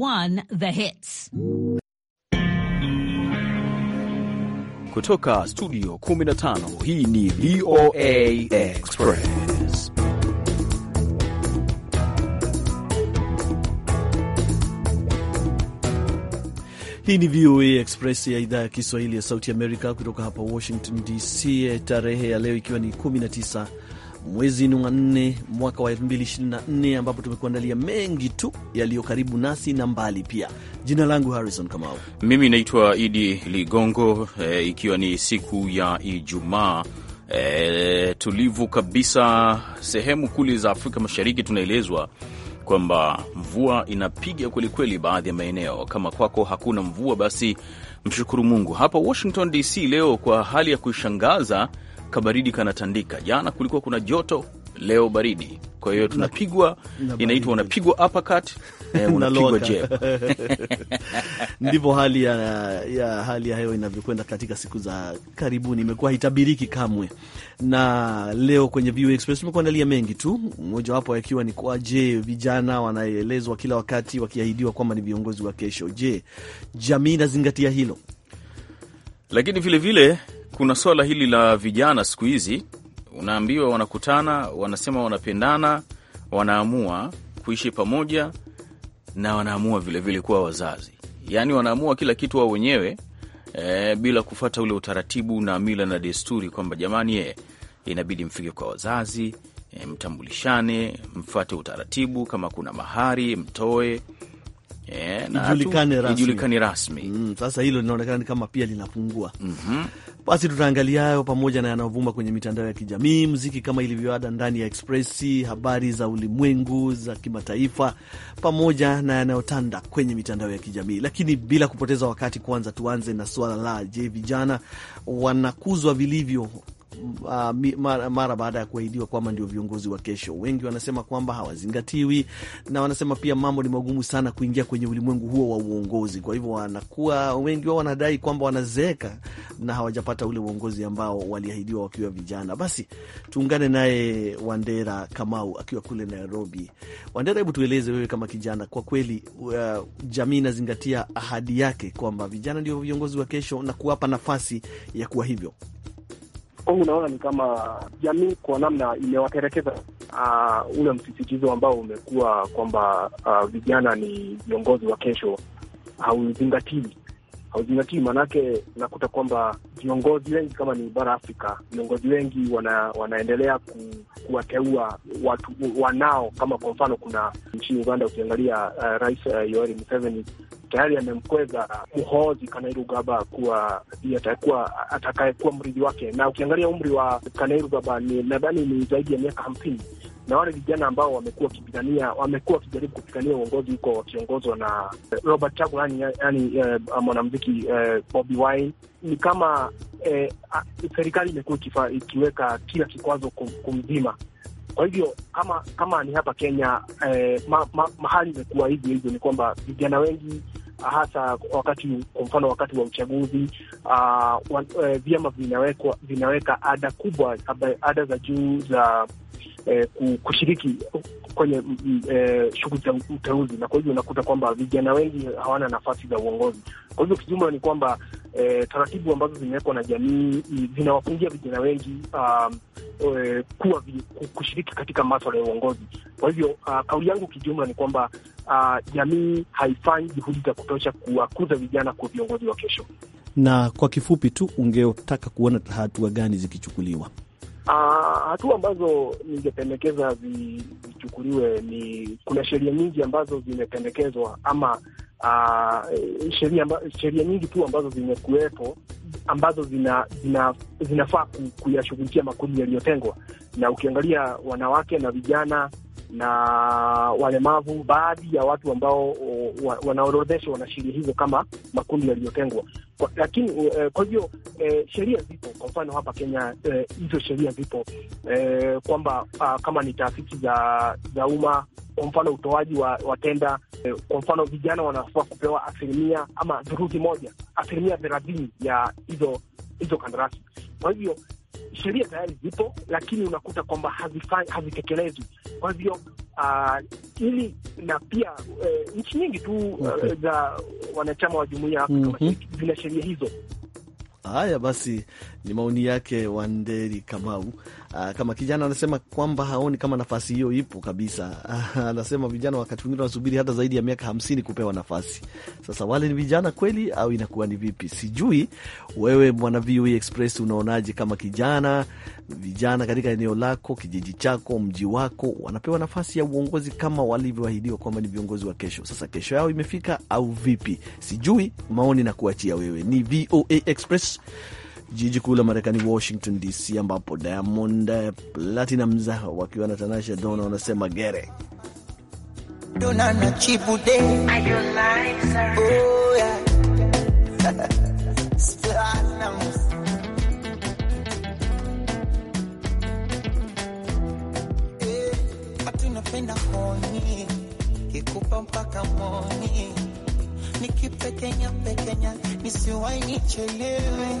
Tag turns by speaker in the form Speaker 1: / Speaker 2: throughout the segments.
Speaker 1: 1 The Hits.
Speaker 2: Kutoka studio 15 hii ni VOA Express.
Speaker 3: Hii ni VOA Express ya idhaa ya Kiswahili ya Sauti Amerika kutoka hapa Washington DC, eh, tarehe ya leo ikiwa ni 19 mwezi ni wa nne mwaka wa 2024 ambapo tumekuandalia mengi tu yaliyo karibu nasi na mbali pia. Jina langu Harrison Kamau,
Speaker 2: mimi naitwa Idi Ligongo. E, ikiwa ni siku ya Ijumaa e, tulivu kabisa. Sehemu kule za Afrika Mashariki tunaelezwa kwamba mvua inapiga kwelikweli, baadhi ya maeneo. Kama kwako hakuna mvua, basi mshukuru Mungu. Hapa Washington DC leo, kwa hali ya kushangaza kabaridi kanatandika. Jana kulikuwa kuna joto, leo baridi. Kwa hiyo tunapigwa, inaitwa unapigwa uppercut, eh, unapigwa jab.
Speaker 3: Ndivyo hali ya, ya hali ya hewa inavyokwenda katika siku za karibuni, imekuwa haitabiriki kamwe. Na leo kwenye VOA Express tumekuandalia mengi tu, mojawapo yakiwa ni kwa je, vijana wanaelezwa kila wakati wakiahidiwa kwamba ni viongozi wa kesho. Je, jamii inazingatia hilo?
Speaker 2: Lakini vilevile vile, kuna swala hili la vijana siku hizi, unaambiwa wanakutana, wanasema wanapendana, wanaamua kuishi pamoja na wanaamua vilevile kuwa wazazi, yaani wanaamua kila kitu wao wenyewe e, bila kufata ule utaratibu na mila na desturi kwamba jamani, e, inabidi mfike kwa wazazi e, mtambulishane, mfate utaratibu, kama kuna mahari mtoe Eh, ijulikane rasmi, ijulikane rasmi.
Speaker 3: Mm, sasa hilo linaonekana ni kama pia linapungua mm -hmm. Basi tutaangalia hayo pamoja na yanayovuma kwenye mitandao ya kijamii, muziki kama ilivyoada ndani ya Expressi, habari za ulimwengu za kimataifa, pamoja na yanayotanda kwenye mitandao ya kijamii. Lakini bila kupoteza wakati, kwanza tuanze na suala la je, vijana wanakuzwa vilivyo uh, mara, mara baada ya kuahidiwa kwamba ndio viongozi wa kesho. Wengi wanasema kwamba hawazingatiwi, na wanasema pia mambo ni magumu sana kuingia kwenye ulimwengu huo wa uongozi. Kwa hivyo wanakuwa wengi wao wanadai kwamba wanazeeka na hawajapata ule uongozi ambao waliahidiwa wakiwa vijana. Basi tuungane naye Wandera Kamau akiwa kule Nairobi. Wandera, hebu tueleze wewe kama kijana, kwa kweli uh, jamii inazingatia ahadi yake kwamba vijana ndio viongozi wa kesho na kuwapa nafasi ya kuwa hivyo?
Speaker 4: kwangu naona ni kama jamii kwa namna imewaterekeza uh, ule msisitizo ambao umekuwa kwamba uh, vijana ni viongozi wa kesho hauzingatii hauzingatii maanake, nakuta kwamba viongozi wengi kama ni bara Afrika, viongozi wengi wana, wanaendelea ku, kuwateua watu wanao, kama kwa mfano kuna nchini Uganda ukiangalia uh, Rais uh, Yoweri Museveni tayari amemkweza Muhoozi Kainerugaba kuwa ndiye atakayekuwa mrithi wake, na ukiangalia umri wa Kainerugaba ni nadhani ni zaidi ya miaka hamsini na wale vijana ambao wamekuwa wakipigania wamekuwa wakijaribu kupigania uongozi huko wakiongozwa na eh, Robert Kyagulanyi, yani uh, mwanamuziki uh, Bobi Wine, ni kama eh, serikali imekuwa ikiweka kila kikwazo kumzima. Kwa hivyo kama kama ni hapa Kenya eh, ma, ma, mahali imekuwa hivyo hivyo, ni kwamba vijana wengi hasa wakati kwa mfano wakati wa uchaguzi uh, vyama vinawekwa, vinaweka ada kubwa, ada za juu za eh, kushiriki kwenye mm, mm, eh, shughuli za uteuzi, na kwa hivyo unakuta kwamba vijana wengi hawana nafasi za uongozi. Kwa hivyo kijumla ni kwamba eh, taratibu ambazo zimewekwa na jamii mm, zinawafungia vijana wengi um, eh, kuwa kushiriki katika maswala ya uongozi. Kwa hivyo uh, kauli yangu kijumla ni kwamba uh, jamii haifanyi juhudi za kutosha kuwakuza vijana kwa viongozi wa kesho.
Speaker 3: Na kwa kifupi tu, ungetaka kuona hatua gani zikichukuliwa?
Speaker 4: Uh, hatua ambazo ningependekeza zichukuliwe ni kuna sheria nyingi ambazo zimependekezwa ama Uh, sheria sheria nyingi tu ambazo zimekuwepo ambazo zina, zina, zinafaa kuyashughulikia makundi yaliyotengwa, na ukiangalia wanawake na vijana na walemavu, baadhi ya watu ambao uh, wanaorodheshwa wanashiria hizo kama makundi yaliyotengwa. Lakini uh, kwa hivyo eh, sheria zipo. Kwa mfano hapa Kenya hizo eh, sheria zipo eh, kwamba kama ni taasisi za za umma kwa mfano utoaji wa, wa tenda kwa mfano vijana wanafaa kupewa asilimia ama dhuruti moja asilimia thelathini ya hizo hizo kandarasi. Kwa hivyo sheria tayari zipo, lakini unakuta kwamba hazitekelezwi. Kwa hivyo uh, ili na pia uh, nchi nyingi tu uh, okay, uh, za wanachama wa jumuiya ya Afrika mhm. Mashariki mm -hmm. zina sheria hizo.
Speaker 3: Haya basi, ni maoni yake Wanderi Kamau. Aa, ah, kama kijana anasema kwamba haoni kama nafasi hiyo ipo kabisa. Ah, anasema vijana wakati mwingine wanasubiri hata zaidi ya miaka hamsini kupewa nafasi. Sasa wale ni vijana kweli au inakuwa ni vipi? Sijui wewe mwana VOA e Express unaonaje, kama kijana, vijana katika eneo lako, kijiji chako, mji wako wanapewa nafasi ya uongozi kama walivyoahidiwa kwamba ni viongozi wa kesho? Sasa kesho yao imefika au vipi? Sijui, maoni na kuachia wewe. Ni VOA Express jiji kuu la Marekani, Washington DC, ambapo Diamond Platinumz wakiwa na Tanasha Dona wanasema gere
Speaker 5: Kikupa mpaka moni nikipekenya pekenya, nisiwai nichelewe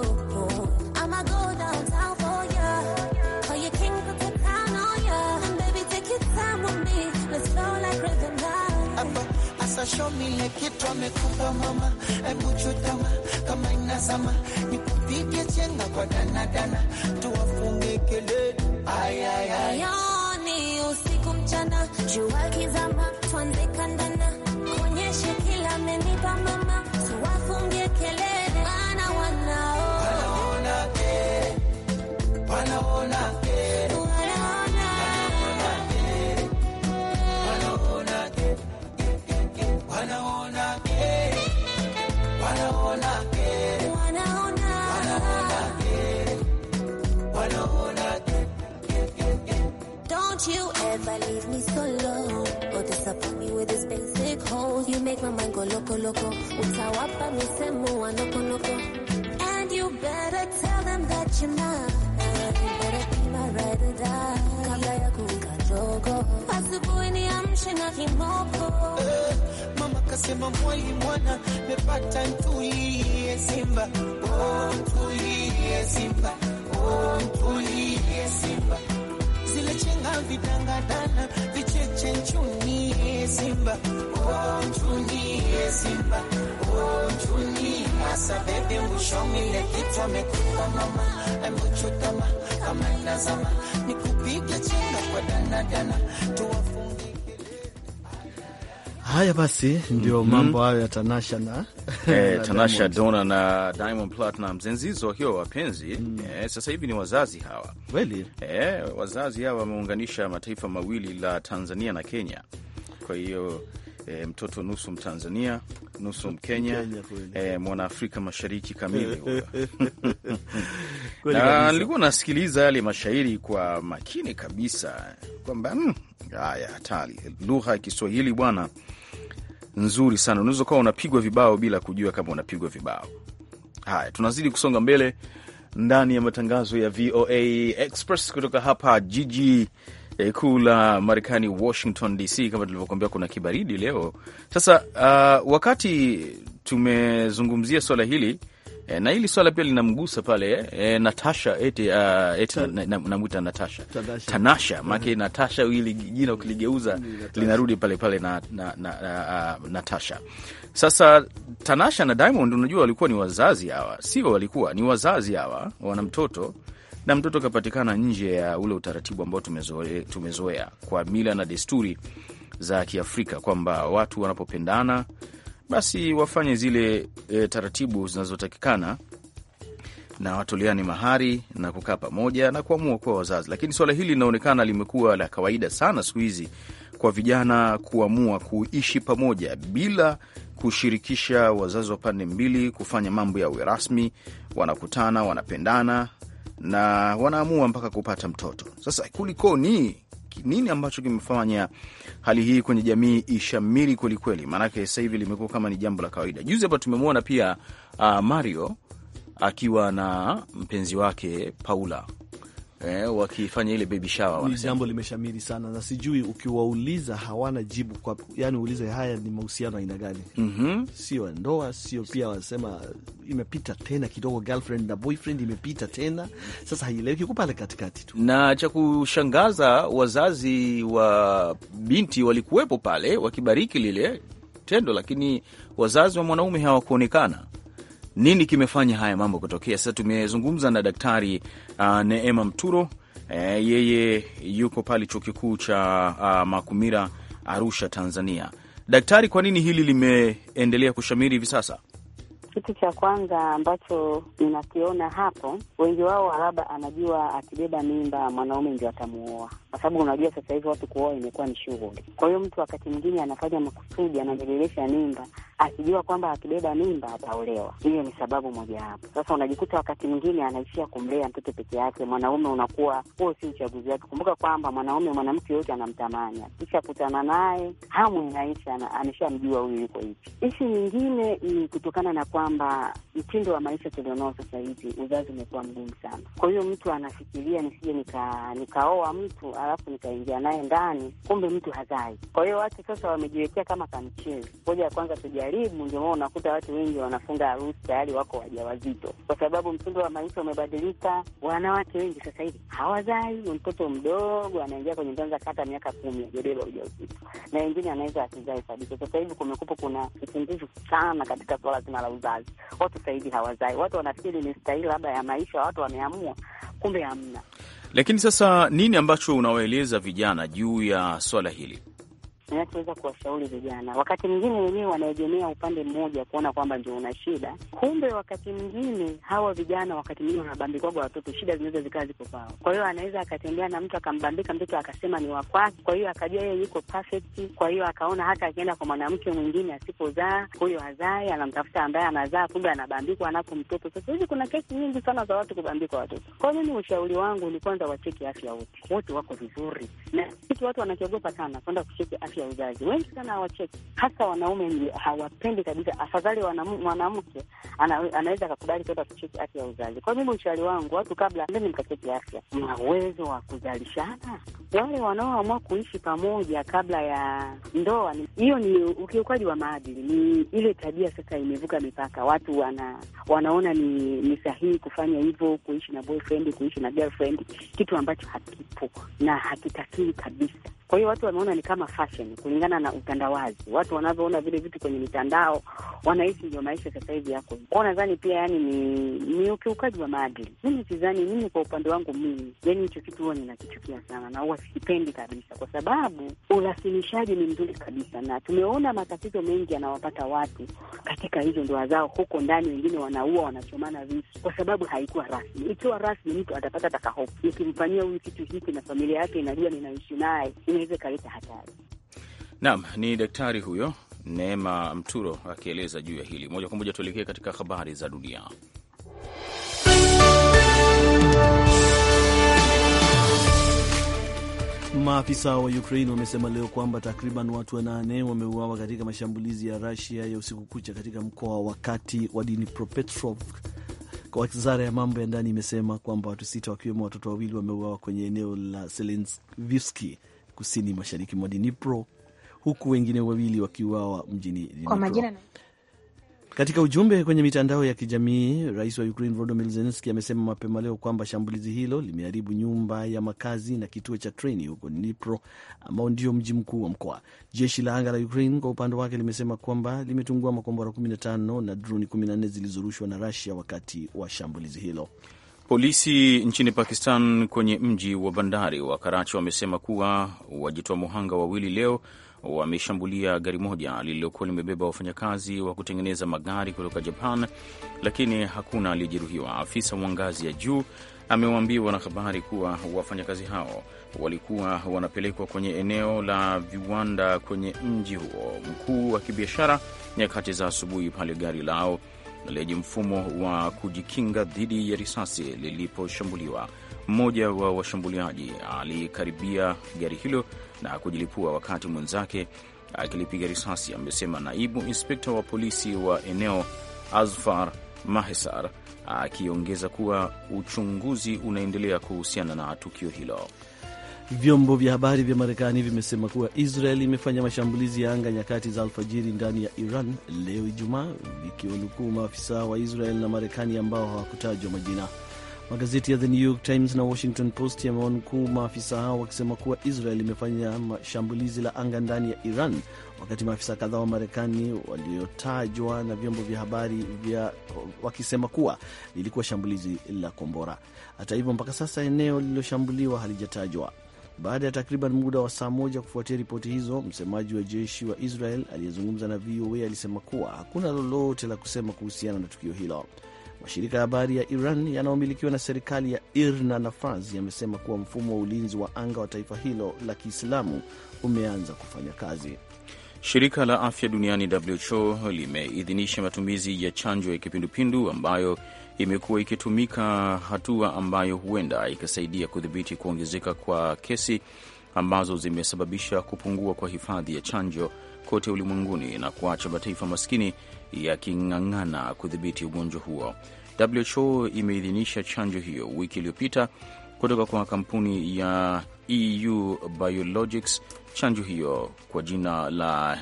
Speaker 5: sasa show me like kitu amekupa mama, hebu chutama kama inazama, nikupige chenga kwa dana dana, tuwafunge kelele ayayay,
Speaker 1: yoni usiku mchana, jua kizama, twende kandana, onyeshe kila amenipa mama, tuwafunge kelele, ana wanaona
Speaker 5: wanaona
Speaker 1: ever leave me solo or disappoint me with this basic hole. You make my mind go loco loco, utawapa misemo wanoko loko. And you better tell them that you're not. You better be my ride or die. Kabla ya kuwika ndogo, asubuhi niamshe na kimoko. Mama
Speaker 5: kasema mwali mwana, mepata ntulie Simba, oh ntulie Simba, oh ntulie Simba zile chenga vitangadana vicheche nchuni eh, Simba oh, nchuni eh, Simba oh, nchuni hasa bebe ngushomile eh, kichwa mekufa mama amechutama kama nazama nikupige chenga kwa danadana tuwafu
Speaker 3: Haya basi, ndio mhm. mambo hayo ya Tanasha na eh, Tanasha
Speaker 2: Dona na Diamond Platnumz, zenzizo wakiwa wapenzi mm. Eh, sasa hivi ni wazazi hawa kweli eh, wazazi hawa wameunganisha mataifa mawili la Tanzania na Kenya, kwa hiyo e, mtoto nusu Mtanzania nusu Mkenya, e, mwanaafrika mashariki kamili eh, Na nilikuwa nasikiliza yale mashairi kwa makini kabisa, kwamba mm, haya hatari lugha ya Kiswahili bwana, nzuri sana. Unaweza ukawa unapigwa vibao bila kujua kama unapigwa vibao. Haya, tunazidi kusonga mbele ndani ya matangazo ya VOA Express kutoka hapa jiji Eh, kuu la Marekani, Washington DC. Kama tulivyokuambia, kuna kibaridi leo. Sasa uh, wakati tumezungumzia swala hili e, na hili swala pia linamgusa pale e, Natasha eti, uh, eti namwita hmm. na, na, na Natasha Tanasha maake hmm. Natasha, ili jina ukiligeuza hmm, linarudi pale pale na, na, na, na, uh, Natasha. Sasa Tanasha na Diamond, unajua walikuwa ni wazazi hawa, sio walikuwa ni wazazi hawa, wana mtoto na mtoto akapatikana nje ya ule utaratibu ambao tumezoea, tumezoea kwa mila na desturi za Kiafrika kwamba watu wanapopendana basi wafanye zile e, taratibu zinazotakikana na watoleani mahari na kukaa pamoja na kuamua kuwa wazazi. Lakini suala hili linaonekana limekuwa la kawaida sana siku hizi kwa vijana kuamua kuishi pamoja bila kushirikisha wazazi wa pande mbili, kufanya mambo yawe rasmi. Wanakutana, wanapendana, na wanaamua mpaka kupata mtoto. Sasa kulikoni? Nini ambacho kimefanya hali hii kwenye jamii ishamiri kwelikweli? Maanake sasa hivi limekuwa kama ni jambo la kawaida. Juzi hapa tumemwona pia uh, Mario akiwa na mpenzi wake Paula eh, wakifanya ile baby shower. Ni jambo
Speaker 3: limeshamiri sana, na sijui ukiwauliza hawana jibu kwa, yani uulize haya ni mahusiano aina gani? mm -hmm. Sio ndoa, sio pia, wanasema imepita tena kidogo, girlfriend na boyfriend imepita tena, sasa haieleweki, uko pale katikati
Speaker 2: tu. Na cha kushangaza, wazazi wa binti walikuwepo pale wakibariki lile tendo, lakini wazazi wa mwanaume hawakuonekana nini kimefanya haya mambo kutokea? Sasa tumezungumza na Daktari uh, Neema Mturo uh, yeye yuko pale chuo kikuu cha uh, Makumira Arusha, Tanzania. Daktari, kwa nini hili limeendelea kushamiri hivi sasa?
Speaker 6: Kitu cha kwanza ambacho ninakiona hapo, wengi wao labda anajua akibeba mimba mwanaume ndio atamuoa, kwa sababu unajua sasa hivi watu kuoa imekuwa ni shughuli. Kwa hiyo mtu wakati mwingine anafanya makusudi, anabebelesha mimba akijua kwamba akibeba mimba ataolewa. Hiyo ni sababu mojawapo. Sasa unajikuta wakati mwingine anaishia kumlea mtoto peke yake. Mwanaume unakuwa huo si uchaguzi wake. Kumbuka kwamba mwanaume, mwanamke yote anamtamani, akisha kutana naye hamu inaisha, ameshamjua huyu yuko hivi. Ishi nyingine ni kutokana na kwamba mtindo wa maisha tulionao sasa hivi, uzazi umekuwa mgumu sana. Kwa hiyo mtu anafikiria nisije nika nikaoa mtu alafu nikaingia naye ndani, kumbe mtu hazai. Kwa hiyo watu sasa wamejiwekea kama kamchezo. Moja ya kwanza tujaribu, ndio maana unakuta watu wengi wanafunga harusi tayari wako wajawazito, kwa sababu mtindo wa maisha umebadilika. Wanawake wengi sasa hivi hawazai, mtoto mdogo anaingia kwenye ndoa kata miaka kumi ajabeba ujauzito, na wengine anaweza asizai kabisa. Sasa hivi kumekupa kuna upungufu sana katika swala zima la uzazi watu sasa hivi hawazai. Watu wanafikiri ni stahili labda ya maisha, watu wameamua, kumbe hamna.
Speaker 2: Lakini sasa nini ambacho unawaeleza vijana juu ya swala hili?
Speaker 6: ninachoweza kuwashauri vijana, wakati mwingine wenyewe wanaegemea upande mmoja kuona kwamba ndio una shida, kumbe wakati mwingine hawa vijana wakati mwingine wanabambikwaga watoto, shida zinaweza zikawa ziko kwao. Kwa hiyo anaweza akatembea na mtu akambambika mtoto akasema ni wakwake, kwa hiyo akajua yeye yuko perfect. Kwa hiyo akaona hata akienda kwa mwanamke mwingine asipozaa huyo azae anamtafuta ambaye anazaa, kumbe anabambikwa anapo mtoto. Sasa hizi kuna kesi nyingi sana za watu kubambikwa watoto. Kwa hiyo mimi ushauri wangu ni kwanza wacheki afya wote, wote wako vizuri, na kitu watu wanakiogopa sana kwenda kucheki afya ya uzazi. Wengi sana hawacheki, hasa wanaume hawapendi kabisa. Afadhali mwanamke ana, anaweza akakubali kwenda kucheki afya ya uzazi. Kwa mimi ushauri wangu watu, kabla ndeni mkacheki afya, mna uwezo wa kuzalishana. Wale wanaoamua kuishi pamoja kabla ya ndoa, hiyo ni ukiukaji wa maadili, ni ile tabia sasa imevuka mipaka. Watu wana, wanaona ni, ni sahihi kufanya hivyo, kuishi na boyfriend, kuishi na girlfriend, kitu ambacho hakipo na hakitakiwi kabisa. Kwa hiyo watu wanaona ni kama fashion kulingana na utandawazi, watu wanavyoona vile vitu kwenye mitandao, wanaishi ndio maisha sasa hivi yako kwao. Nadhani pia yani ni ni ukiukaji wa maadili. Mimi sidhani, mimi kwa upande wangu mimi, yani hicho kitu huwa ninakichukia sana na huwa sikipendi kabisa, kwa sababu urasimishaji ni mzuri kabisa, na tumeona matatizo mengi yanawapata watu katika hizo ndoa zao huko ndani, wengine wanaua, wanachomana visu kwa sababu haikuwa rasmi. Ikiwa rasmi, mtu atapata takahofu, nikimfanyia huyu kitu hiki na familia yake inajua ninaishi naye inaweza ikaleta hatari.
Speaker 2: Naam, ni daktari huyo Neema Mturo akieleza juu ya hili. Moja kwa moja tuelekee katika habari za dunia.
Speaker 3: Maafisa wa Ukraine wamesema leo kwamba takriban watu wanane wameuawa katika mashambulizi ya Rusia ya usiku kucha katika mkoa wa kati wa Dnipropetrovsk. Wizara ya mambo ya ndani imesema kwamba watu sita wakiwemo watoto wawili wameuawa kwenye eneo la selenviski kusini mashariki mwa Dnipro, huku wengine wawili wakiuawa mjini Dnipro. Katika ujumbe kwenye mitandao ya kijamii, rais wa Ukraine Volodymyr Zelenski amesema mapema leo kwamba shambulizi hilo limeharibu nyumba ya makazi na kituo cha treni huko Dnipro, ambao ndio mji mkuu wa mkoa. Jeshi la anga la Ukraine kwa upande wake limesema kwamba limetungua makombora 15 na droni 14 zilizorushwa na Russia wakati wa shambulizi hilo.
Speaker 2: Polisi nchini Pakistan kwenye mji wa bandari wa Karachi wamesema kuwa wajitoa muhanga wawili leo wameshambulia gari moja lililokuwa limebeba wafanyakazi wa kutengeneza magari kutoka Japan, lakini hakuna aliyejeruhiwa. Afisa wa ngazi ya juu amewaambia wanahabari kuwa wafanyakazi hao walikuwa wanapelekwa kwenye eneo la viwanda kwenye mji huo mkuu wa kibiashara nyakati za asubuhi pale gari lao na lenye mfumo wa kujikinga dhidi ya risasi liliposhambuliwa. Mmoja wa washambuliaji alikaribia gari hilo na kujilipua wakati mwenzake akilipiga risasi, amesema naibu inspekta wa polisi wa eneo Azfar Mahesar, akiongeza kuwa uchunguzi unaendelea kuhusiana na tukio hilo.
Speaker 3: Vyombo vya habari vya Marekani vimesema kuwa Israel imefanya mashambulizi ya anga nyakati za alfajiri ndani ya Iran leo Ijumaa, vikiwanukuu maafisa wa Israel na Marekani ambao hawakutajwa majina. Magazeti ya The New York Times na Washington Post yamewanukuu maafisa hao wakisema kuwa Israel imefanya shambulizi la anga ndani ya Iran, wakati maafisa kadhaa wa Marekani waliotajwa na vyombo vya habari vya wakisema kuwa lilikuwa shambulizi la kombora. Hata hivyo, mpaka sasa eneo lililoshambuliwa halijatajwa baada ya takriban muda wa saa moja kufuatia ripoti hizo. Msemaji wa jeshi wa Israel aliyezungumza na VOA alisema kuwa hakuna lolote la kusema kuhusiana na tukio hilo. Mashirika ya habari ya Iran yanayomilikiwa na serikali ya IRNA na Fars yamesema kuwa mfumo wa ulinzi wa anga wa taifa hilo la Kiislamu umeanza kufanya kazi.
Speaker 2: Shirika la afya duniani WHO limeidhinisha matumizi ya chanjo ya kipindupindu ambayo imekuwa ikitumika, hatua ambayo huenda ikasaidia kudhibiti kuongezeka kwa kesi ambazo zimesababisha kupungua kwa hifadhi ya chanjo kote ulimwenguni na kuacha mataifa maskini yaking'ang'ana kudhibiti ugonjwa huo. WHO imeidhinisha chanjo hiyo wiki iliyopita kutoka kwa kampuni ya EU Biologics. Chanjo hiyo kwa jina la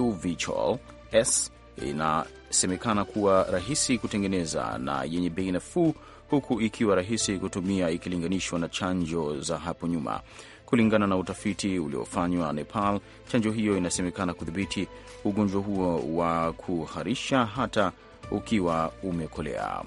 Speaker 2: Uvchol s inasemekana kuwa rahisi kutengeneza na yenye bei nafuu, huku ikiwa rahisi kutumia ikilinganishwa na chanjo za hapo nyuma. Kulingana na utafiti uliofanywa Nepal, chanjo hiyo inasemekana kudhibiti ugonjwa huo wa kuharisha hata ukiwa umekolea.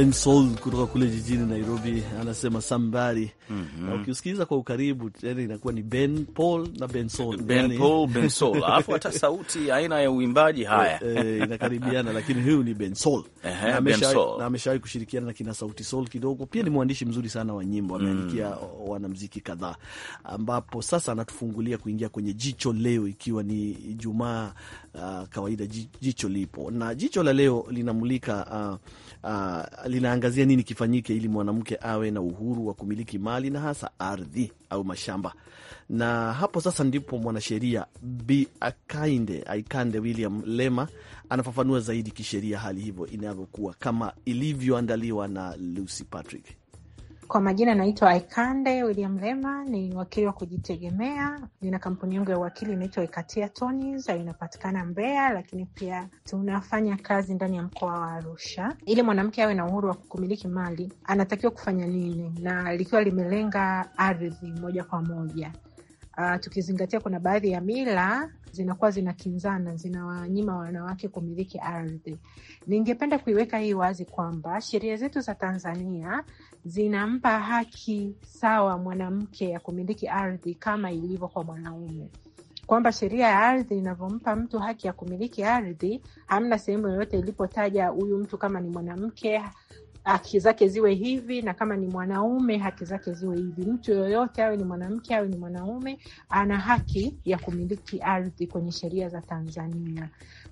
Speaker 3: Ben Soul kutoka kule jijini Nairobi anasema sambari mm -hmm. ukisikiliza kwa ukaribu yani inakuwa ni Ben Paul na Ben Soul, Ben yani... Paul Ben Soul, alafu hata
Speaker 2: sauti aina ya uimbaji haya e, inakaribiana, lakini
Speaker 3: huyu ni Ben Soul na ameshawahi kushirikiana na kina Sauti Soul kidogo. Pia ni mwandishi mzuri sana wa nyimbo, mm. ameandikia mm. wanamuziki kadhaa, ambapo sasa anatufungulia kuingia kwenye jicho leo, ikiwa ni Ijumaa. Uh, kawaida jicho lipo na jicho la leo linamulika uh, uh, linaangazia nini kifanyike ili mwanamke awe na uhuru wa kumiliki mali na hasa ardhi au mashamba. Na hapo sasa ndipo mwanasheria Bi akainde Aikande William Lema anafafanua zaidi kisheria hali hivyo inavyokuwa kama ilivyoandaliwa na Lucy Patrick.
Speaker 7: Kwa majina naitwa Aikande William Lema, ni wakili wa kujitegemea. Nina kampuni yangu ya uwakili inaitwa Ikatia Tonis, inapatikana Mbeya, lakini pia tunafanya kazi ndani ya mkoa wa Arusha. Ili mwanamke awe na uhuru wa kumiliki mali, anatakiwa kufanya nini, na likiwa limelenga ardhi moja kwa moja. Uh, tukizingatia kuna baadhi ya mila zinakuwa zinakinzana, zinawanyima wanawake kumiliki ardhi. Ningependa kuiweka hii wazi kwamba sheria zetu za Tanzania zinampa haki sawa mwanamke ya kumiliki ardhi kama ilivyo kwa mwanaume, kwamba sheria ya ardhi inavyompa mtu haki ya kumiliki ardhi, hamna sehemu yoyote ilipotaja huyu mtu kama ni mwanamke haki zake ziwe hivi, na kama ni mwanaume haki zake ziwe hivi. Mtu yoyote awe ni mwanamke awe ni mwanaume, ana haki ya kumiliki ardhi kwenye sheria za Tanzania.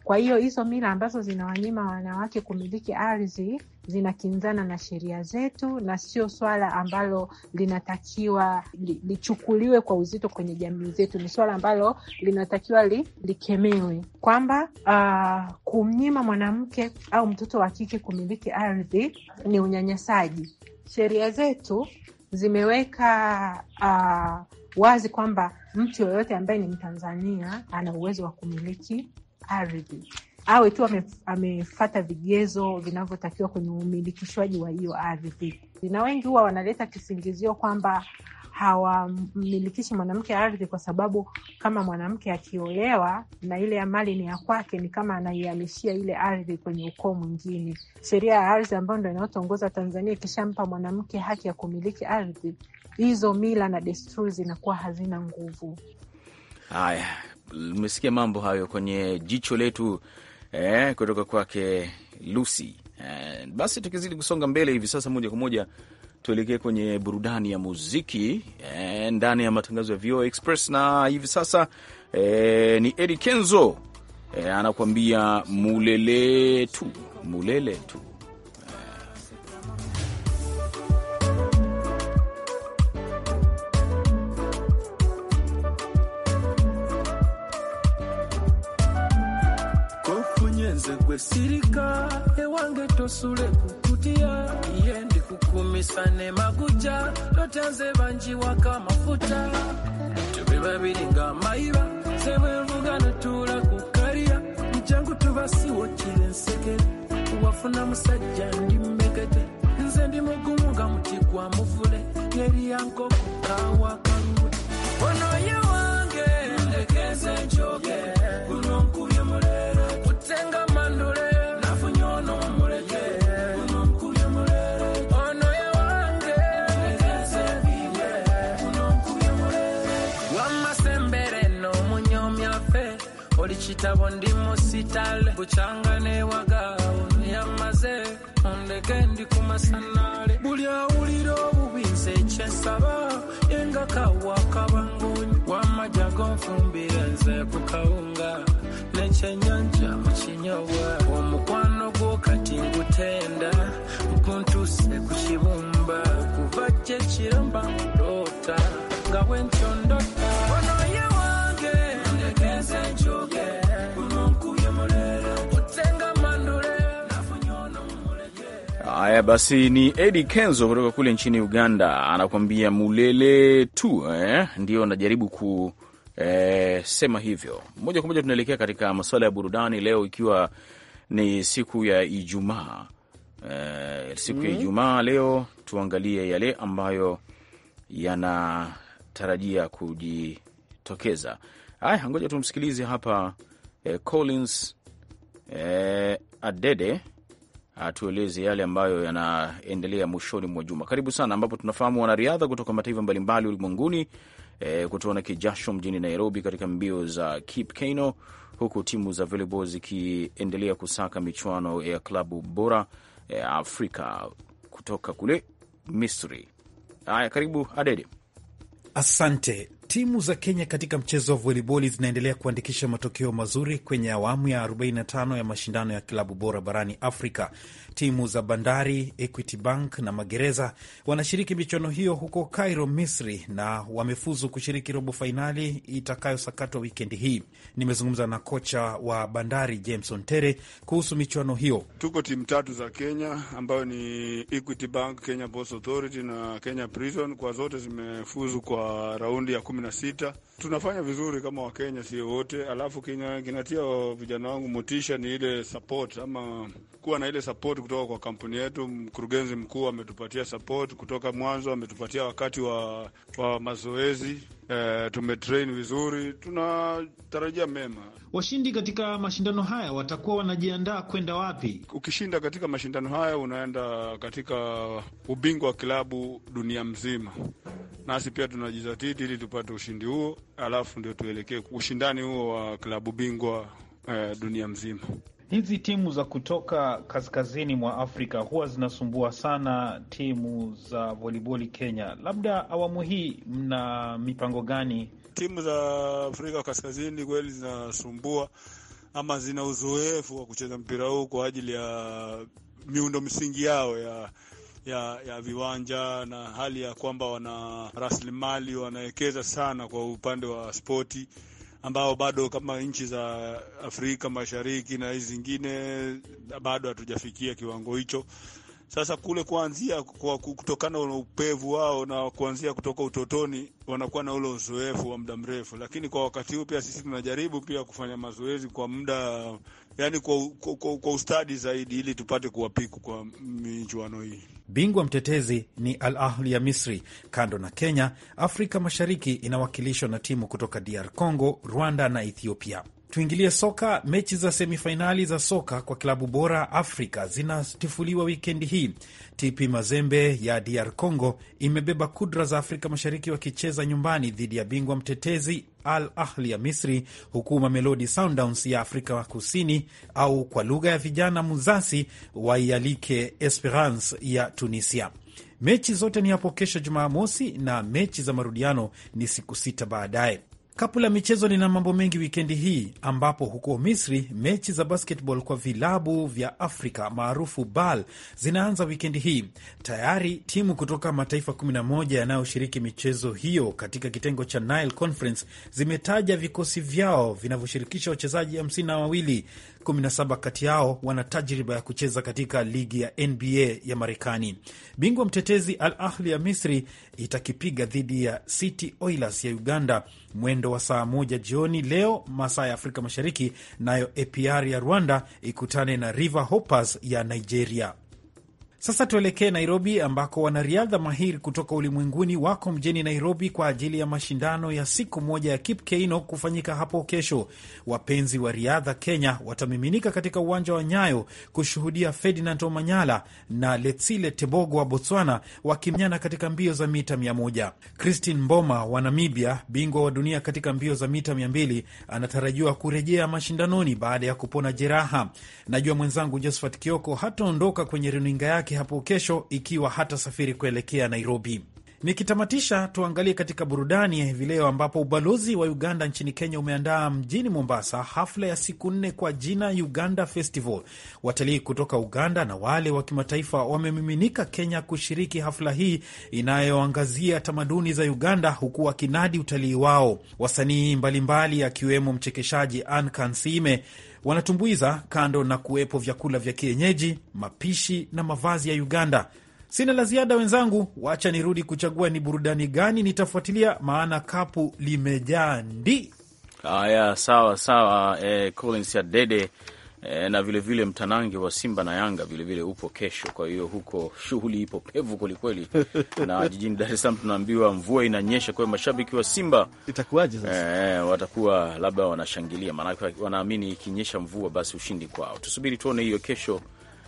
Speaker 7: Kwa hiyo hizo mila ambazo zinawanyima wanawake kumiliki ardhi zinakinzana na sheria zetu, na sio swala ambalo linatakiwa li, lichukuliwe kwa uzito kwenye jamii zetu. Ni swala ambalo linatakiwa li, likemewe kwamba uh, kumnyima mwanamke au mtoto wa kike kumiliki ardhi ni unyanyasaji. Sheria zetu zimeweka uh, wazi kwamba mtu yoyote ambaye ni Mtanzania ana uwezo wa kumiliki ardhi, awe tu amefata vigezo vinavyotakiwa kwenye umilikishwaji wa hiyo ardhi. Na wengi huwa wanaleta kisingizio kwamba hawamilikishi mwanamke ardhi kwa sababu kama mwanamke akiolewa na ile mali ni ya kwake, ni kama anaihamishia ile ardhi kwenye ukoo mwingine. Sheria ya ardhi ambayo ndo inayotongoza Tanzania ikishampa mwanamke haki ya kumiliki ardhi, hizo mila na desturi zinakuwa hazina nguvu.
Speaker 2: Haya, Mmesikia mambo hayo kwenye jicho letu eh, kutoka kwake Lucy. Eh, basi tukizidi kusonga mbele hivi sasa, moja kwa moja tuelekee kwenye burudani ya muziki eh, ndani ya matangazo ya VOA Express na hivi sasa eh, ni Eddie Kenzo eh, anakuambia muleletu mulele tu.
Speaker 8: sirika ewange tosule kukutia iye ndi kukumisa ne maguja totanze banjiwaka mafuta tube babiri nga mayiba sebwevuga netula kukaria mujangu tubasiwo kile nsekere wafuna musajja ndi mmekete nze ndi mugumu nga muti gwa muvule yeri yankoko kawa kangwe onoye wange ndekeze nji bitabo ndi musitale buchanga ne wagawo yamaze ondeke ndi kumasanale buli awulira obubinze kyensaba enga kawa kabangonyi wamaja gonfumbire nze ku kawunga n'ekyenyanja mu kinyobwa omukwano gwo kati ngutenda guntuse ku kibumba kuva kyekiramba mulota nga bwentyona
Speaker 2: Haya eh, basi, ni Eddie Kenzo kutoka kule nchini Uganda anakuambia mulele tu eh? Ndio najaribu ku eh, sema hivyo. Moja kwa moja tunaelekea katika masuala ya burudani leo, ikiwa ni siku ya Ijumaa eh, siku mm -hmm. ya mm-hmm. Ijumaa leo tuangalie yale ambayo yanatarajia kujitokeza. aya ngoja tumsikilize hapa eh, Collins eh, Adede atueleze yale ambayo yanaendelea mwishoni mwa juma karibu sana, ambapo tunafahamu wanariadha kutoka mataifa mbalimbali ulimwenguni e, eh, kutoana kijasho mjini Nairobi katika mbio za kip Kipkeino, huku timu za volleyball zikiendelea kusaka michuano ya klabu bora ya Afrika kutoka kule Misri. Haya, karibu Adede.
Speaker 9: Asante. Timu za Kenya katika mchezo wa voliboli zinaendelea kuandikisha matokeo mazuri kwenye awamu ya 45 ya mashindano ya klabu bora barani Afrika. Timu za Bandari, Equity Bank na Magereza wanashiriki michuano hiyo huko Cairo, Misri, na wamefuzu kushiriki robo fainali itakayosakatwa wikendi hii. Nimezungumza na kocha wa Bandari Jameson Tere kuhusu michuano hiyo.
Speaker 10: Tuko timu tatu za Kenya ambayo ni Equity Bank, Kenya Ports Authority na Kenya Prison. Kwa zote zimefuzu kwa raundi ya kumi kumi na sita. Tunafanya vizuri kama Wakenya, sio wote. Alafu kinatia vijana wangu motisha ni ile support, ama kuwa na ile support kutoka kwa kampuni yetu. Mkurugenzi mkuu ametupatia support kutoka mwanzo, ametupatia wakati wa, wa mazoezi e, tumetrain vizuri, tunatarajia mema.
Speaker 9: Washindi katika mashindano haya watakuwa wanajiandaa kwenda wapi? Ukishinda katika mashindano haya
Speaker 10: unaenda katika ubingwa wa klabu dunia mzima nasi pia tunajizatiti ili tupate ushindi huo, alafu ndio tuelekee ushindani huo wa klabu bingwa eh, dunia mzima.
Speaker 9: Hizi timu za kutoka kaskazini mwa Afrika huwa zinasumbua sana timu za voliboli Kenya. Labda awamu hii mna mipango gani?
Speaker 10: Timu za Afrika kaskazini kweli zinasumbua ama zina uzoefu wa kucheza mpira huu kwa ajili ya miundo misingi yao ya ya, ya viwanja na hali ya kwamba wana rasilimali wanawekeza sana kwa upande wa spoti ambao bado kama nchi za Afrika Mashariki na hizi zingine bado hatujafikia kiwango hicho. Sasa kule kuanzia kwa kutokana na upevu wao na kuanzia kutoka utotoni wanakuwa na ule uzoefu wa muda mrefu, lakini kwa wakati huu pia sisi tunajaribu pia kufanya mazoezi kwa muda yani kwa, kwa, kwa, kwa ustadi zaidi ili tupate kuwapiku kwa
Speaker 9: michuano hii. Bingwa mtetezi ni Al Ahli ya Misri. Kando na Kenya, Afrika Mashariki inawakilishwa na timu kutoka DR Congo, Rwanda na Ethiopia. Tuingilie soka. Mechi za semifainali za soka kwa klabu bora Afrika zinatifuliwa wikendi hii. TP Mazembe ya DR Congo imebeba kudra za Afrika Mashariki wakicheza nyumbani dhidi ya bingwa mtetezi Al Ahli ya Misri, huku Mamelodi Sundowns ya Afrika Kusini au kwa lugha ya vijana Muzasi waialike Esperance ya Tunisia. Mechi zote ni hapo kesho Jumamosi, na mechi za marudiano ni siku sita baadaye. Kapu la michezo lina mambo mengi wikendi hii, ambapo huko Misri mechi za basketball kwa vilabu vya Afrika maarufu BAL zinaanza wikendi hii. Tayari timu kutoka mataifa 11 yanayoshiriki michezo hiyo katika kitengo cha Nile Conference zimetaja vikosi vyao vinavyoshirikisha wachezaji hamsini na wawili. 17 kati yao wana tajriba ya kucheza katika ligi ya NBA ya Marekani. Bingwa mtetezi Al Ahli ya Misri itakipiga dhidi ya City Oilers ya Uganda mwendo wa saa moja jioni leo masaa ya Afrika Mashariki, nayo APR ya Rwanda ikutane na River Hoppers ya Nigeria. Sasa tuelekee Nairobi, ambako wanariadha mahiri kutoka ulimwenguni wako mjini Nairobi kwa ajili ya mashindano ya siku moja ya Kip Keino kufanyika hapo kesho. Wapenzi wa riadha Kenya watamiminika katika uwanja wa Nyayo kushuhudia Ferdinand Omanyala na Letsile Tebogo wa Botswana wakimnyana katika mbio za mita mia moja. Christine Mboma wa Namibia, bingwa wa dunia katika mbio za mita mia mbili, anatarajiwa kurejea mashindanoni baada ya kupona jeraha. Najua mwenzangu Josephat Kioko hataondoka kwenye runinga yake yake hapo kesho, ikiwa hatasafiri kuelekea Nairobi. Nikitamatisha, tuangalie katika burudani ya hivi leo, ambapo ubalozi wa Uganda nchini Kenya umeandaa mjini Mombasa hafla ya siku nne kwa jina Uganda Festival. Watalii kutoka Uganda na wale wa kimataifa wamemiminika Kenya kushiriki hafla hii inayoangazia tamaduni za Uganda, huku wakinadi utalii wao. Wasanii mbalimbali akiwemo mchekeshaji Anne Kansime wanatumbuiza kando na kuwepo vyakula vya kienyeji, mapishi na mavazi ya Uganda. Sina la ziada wenzangu, wacha nirudi kuchagua ni burudani gani nitafuatilia, maana kapu limejaa ndi.
Speaker 2: Haya, sawa sawa. Eh, Collins ya Dede eh, na vilevile mtanange wa Simba na Yanga vilevile upo kesho, kwa hiyo huko shughuli ipo pevu kwelikweli na jijini Dar es Salaam tunaambiwa mvua inanyesha, kwa hiyo mashabiki wa Simba itakuwaje sasa? Eh, watakuwa labda wanashangilia, maanake wanaamini ikinyesha mvua basi ushindi kwao. Tusubiri tuone hiyo kesho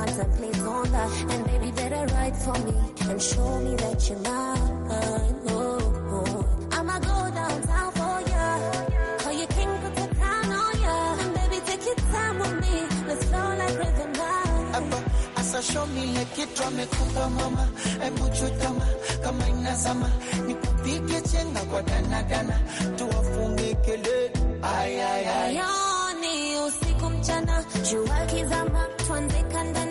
Speaker 1: contemplate wonder. And baby, better write for me and show me that you're mine. Oh, oh. I'ma go downtown for ya. Call your king, put the town on oh, ya. And baby, take your time with me. Let's flow like rhythm now. Sasa show me like me
Speaker 5: amekupa mama, put hebu chutama kama inazama, nikupige chenga kwa danadana, tuwafunge kelele. Ay, ay, ay.
Speaker 1: Yoni usiku mchana, jua kizama, tuanze kanda